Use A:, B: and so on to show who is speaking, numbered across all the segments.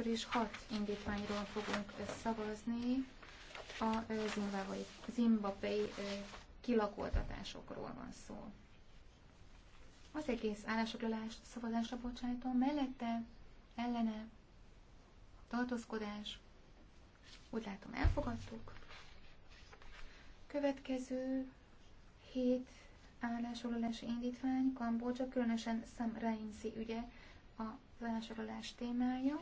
A: először is hat indítványról fogunk szavazni a eh, zimbabwei, eh, kilakoltatásokról van szó. Az egész állásfoglalást szavazásra bocsájtom, mellette, ellene, tartózkodás, úgy látom elfogadtuk. Következő hét állásoglalási indítvány, Kambodzsa, különösen Sam Rainsy ügye a állásoglalás témája.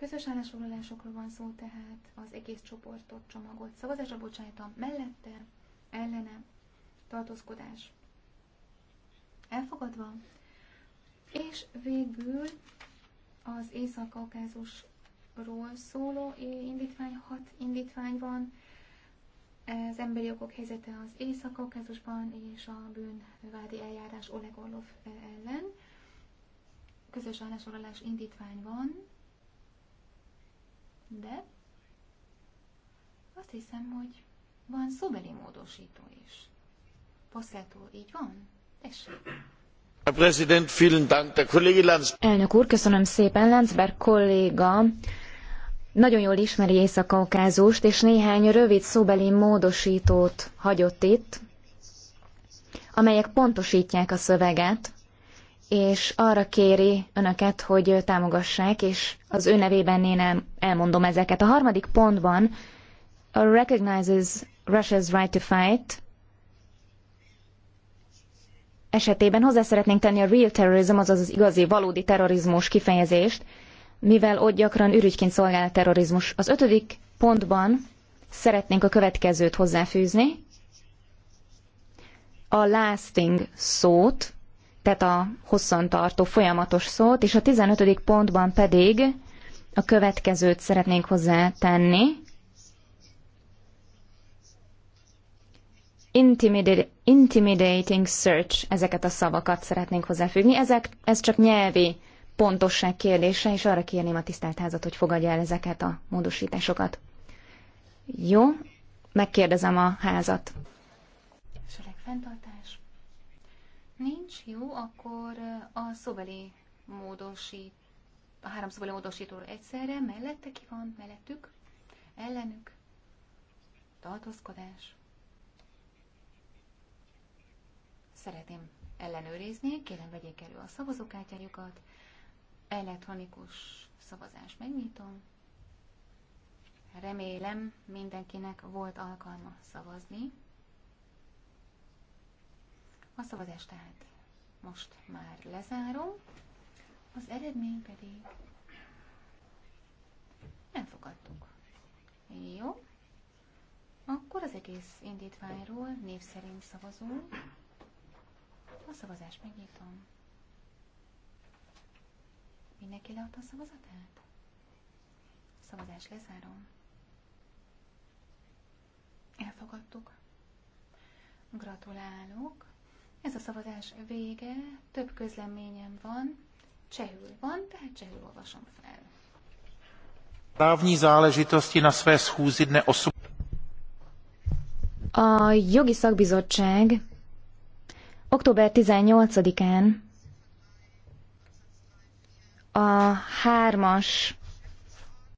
A: Közös állásfoglalásokról van szó tehát, az egész csoportot, csomagot szavazásra bocsájtam, mellette, ellene, tartózkodás. Elfogadva. És végül az Észak-Kaukázusról szóló indítvány, hat indítvány van, az emberi jogok helyzete az Észak-Kaukázusban és a bűnvádi eljárás Oleg Orlov ellen. Közös állásolás indítvány van, de azt hiszem, hogy van szobeli módosító is. Poszkától így van? Tessék.
B: Elnök úr, köszönöm szépen. Lenzberg kolléga nagyon jól ismeri Észak-Kaukázust, és néhány rövid szóbeli módosítót hagyott itt, amelyek pontosítják a szöveget, és arra kéri önöket, hogy támogassák, és az ő nevében én elmondom ezeket. A harmadik pontban a recognizes Russia's right to fight esetében hozzá szeretnénk tenni a real terrorism, azaz az igazi, valódi terrorizmus kifejezést, mivel ott gyakran ürügyként szolgál a terrorizmus. Az ötödik pontban szeretnénk a következőt hozzáfűzni. A lasting szót, tehát a hosszantartó folyamatos szót, és a 15. pontban pedig a következőt szeretnénk hozzátenni. tenni: intimidating search, ezeket a szavakat szeretnénk hozzáfüggni. Ezek, ez csak nyelvi pontosság kérdése, és arra kérném a tisztelt házat, hogy fogadja el ezeket a módosításokat. Jó, megkérdezem a házat.
A: Esetleg fenntartás? Nincs jó, akkor a szobeli módosít, a három szobeli módosítóról egyszerre, mellette ki van, mellettük, ellenük, tartózkodás. Szeretném ellenőrizni, kérem vegyék elő a szavazókártyájukat, elektronikus szavazás megnyitom. Remélem mindenkinek volt alkalma szavazni. A szavazást tehát most már lezárom, az eredmény pedig nem fogadtuk. Jó. Akkor az egész indítványról név szerint szavazunk. A szavazást megnyitom. Mindenki leadta a szavazatát? A szavazást lezárom. Elfogadtuk. Gratulálok ez a szavazás vége, több közleményem van, csehül van, tehát csehül olvasom fel.
B: Právní záležitosti na své schůzi dne 8. A jogi szakbizottság október 18-án
A: a hármas